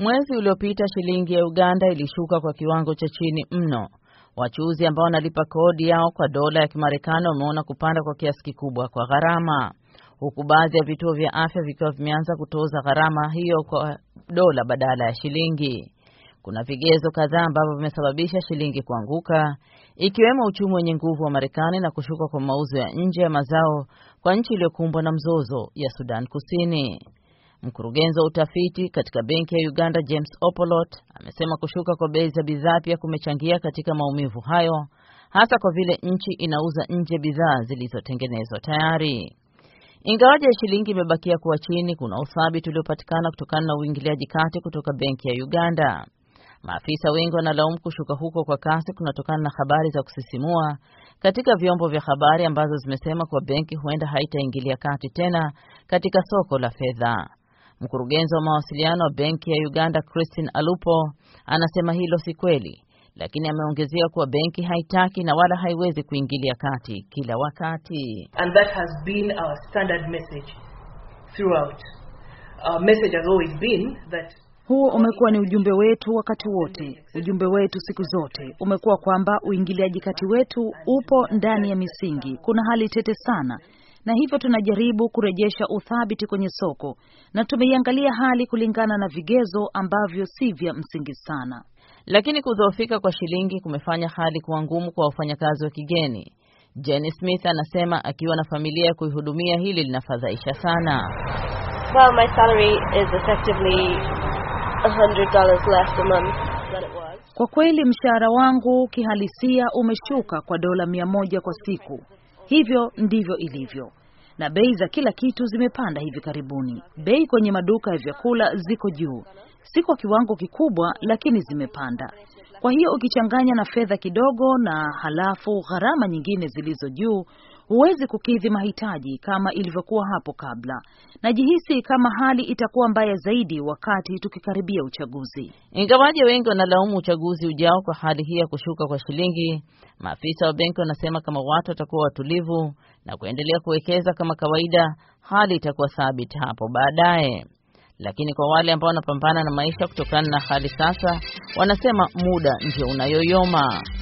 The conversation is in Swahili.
Mwezi uliopita shilingi ya Uganda ilishuka kwa kiwango cha chini mno. Wachuuzi ambao wanalipa kodi yao kwa dola ya Kimarekani wameona kupanda kwa kiasi kikubwa kwa gharama, huku baadhi ya vituo vya afya vikiwa vimeanza kutoza gharama hiyo kwa dola badala ya shilingi. Kuna vigezo kadhaa ambavyo vimesababisha shilingi kuanguka, ikiwemo uchumi wenye nguvu wa Marekani na kushuka kwa mauzo ya nje ya mazao kwa nchi iliyokumbwa na mzozo ya Sudan Kusini. Mkurugenzi wa utafiti katika benki ya Uganda James Opolot amesema kushuka kwa bei za bidhaa pia kumechangia katika maumivu hayo, hasa kwa vile nchi inauza nje bidhaa zilizotengenezwa tayari. Ingawaje shilingi imebakia kuwa chini, kuna uthabiti uliopatikana kutokana na uingiliaji kati kutoka benki ya Uganda. Maafisa wengi wanalaumu kushuka huko kwa kasi kunatokana na habari za kusisimua katika vyombo vya habari ambazo zimesema kuwa benki huenda haitaingilia kati tena katika soko la fedha. Mkurugenzi wa mawasiliano wa benki ya Uganda Christine Alupo anasema hilo si kweli, lakini ameongezea kuwa benki haitaki na wala haiwezi kuingilia kati kila wakati. And that has been our standard message throughout. Our message has always been that huo umekuwa ni ujumbe wetu wakati wote. Ujumbe wetu siku zote umekuwa kwamba uingiliaji kati wetu upo ndani ya misingi. Kuna hali tete sana na hivyo tunajaribu kurejesha uthabiti kwenye soko na tumeiangalia hali kulingana na vigezo ambavyo si vya msingi sana. Lakini kudhoofika kwa shilingi kumefanya hali kuwa ngumu kwa wafanyakazi wa kigeni. Jenny Smith anasema akiwa na familia ya kuihudumia, hili linafadhaisha sana. Well, my salary is effectively $100 less a month. Kwa kweli mshahara wangu kihalisia umeshuka kwa dola mia moja kwa siku Hivyo ndivyo ilivyo na bei za kila kitu zimepanda hivi karibuni. Bei kwenye maduka ya vyakula ziko juu, si kwa kiwango kikubwa, lakini zimepanda. Kwa hiyo ukichanganya na fedha kidogo na halafu gharama nyingine zilizo juu, huwezi kukidhi mahitaji kama ilivyokuwa hapo kabla. Najihisi kama hali itakuwa mbaya zaidi wakati tukikaribia uchaguzi. Ingawaje wengi wanalaumu uchaguzi ujao kwa hali hii ya kushuka kwa shilingi, maafisa wa benki wanasema kama watu watakuwa watulivu na kuendelea kuwekeza kama kawaida, hali itakuwa thabiti hapo baadaye. Lakini kwa wale ambao wanapambana na maisha kutokana na hali sasa, wanasema muda ndio unayoyoma.